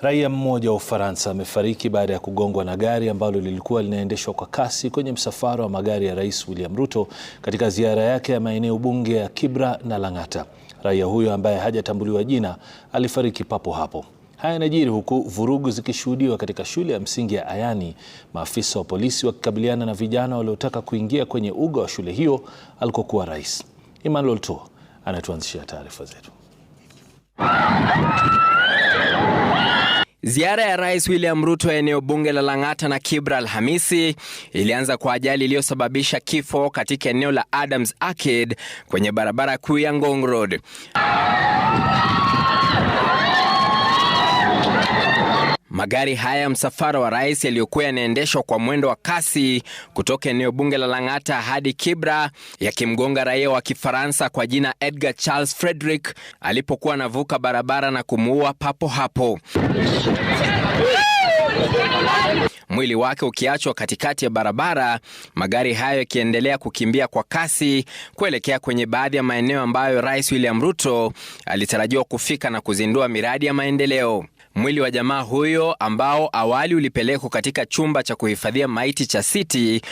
Raia mmoja wa Ufaransa amefariki baada ya kugongwa na gari ambalo lilikuwa linaendeshwa kwa kasi kwenye msafara wa magari ya Rais William Ruto katika ziara yake ya maeneo bunge ya Kibra na Lang'ata. Raia huyo ambaye hajatambuliwa jina alifariki papo hapo. Haya yanajiri huku vurugu zikishuhudiwa katika shule ya msingi ya Ayani, maafisa wa polisi wakikabiliana na vijana waliotaka kuingia kwenye uga wa shule hiyo alikokuwa rais. Emmanuel Tua anatuanzishia taarifa zetu. Ziara ya Rais William Ruto ya eneo bunge la Lang'ata na Kibra Alhamisi ilianza kwa ajali iliyosababisha kifo katika eneo la Adams Arcade kwenye barabara kuu ya Ngong Road. Magari haya ya msafara wa rais yaliyokuwa yanaendeshwa kwa mwendo wa kasi kutoka eneo bunge la Lang'ata hadi Kibra yakimgonga raia wa Kifaransa kwa jina Edgar Charles Frederick alipokuwa anavuka barabara na kumuua papo hapo mwili wake ukiachwa katikati ya barabara, magari hayo yakiendelea kukimbia kwa kasi kuelekea kwenye baadhi ya maeneo ambayo Rais William Ruto alitarajiwa kufika na kuzindua miradi ya maendeleo. Mwili wa jamaa huyo ambao awali ulipelekwa katika chumba cha kuhifadhia maiti cha City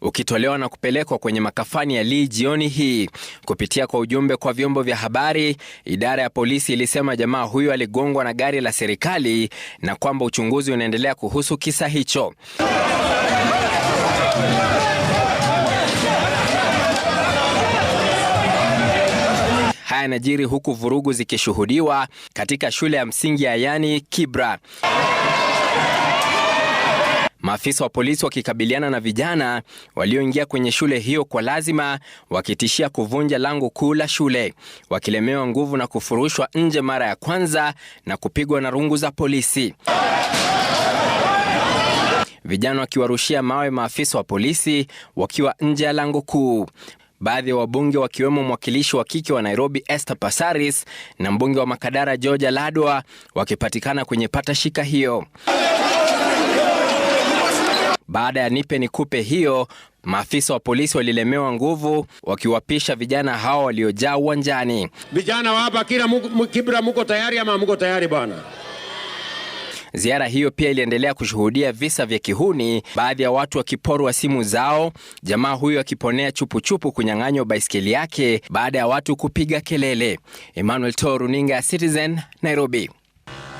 ukitolewa na kupelekwa kwenye makafani ya Lee jioni hii. Kupitia kwa ujumbe kwa vyombo vya habari, idara ya polisi ilisema jamaa huyo aligongwa na gari la serikali na kwamba uchunguzi unaendelea kuhusu kisa hicho. Haya yanajiri huku vurugu zikishuhudiwa katika shule ya msingi ya Yani Kibra. Maafisa wa polisi wakikabiliana na vijana walioingia kwenye shule hiyo kwa lazima, wakitishia kuvunja lango kuu la shule, wakilemewa nguvu na kufurushwa nje mara ya kwanza na kupigwa na rungu za polisi vijana wakiwarushia mawe maafisa wa polisi wakiwa nje ya lango kuu. Baadhi ya wabunge wakiwemo mwakilishi wa kike wa Nairobi Esther Passaris na mbunge wa Makadara George Ladwa wakipatikana kwenye patashika hiyo. Baada ya nipe nikupe hiyo, maafisa wa polisi walilemewa nguvu, wakiwapisha vijana hao waliojaa uwanjani. Vijana hapa kila Kibra, muko tayari ama muko tayari bwana? Ziara hiyo pia iliendelea kushuhudia visa vya kihuni, baadhi ya watu wakiporwa simu zao, jamaa huyo akiponea chupuchupu kunyang'anywa baiskeli yake baada ya watu kupiga kelele. Emmanuel To, runinga ya Citizen, Nairobi.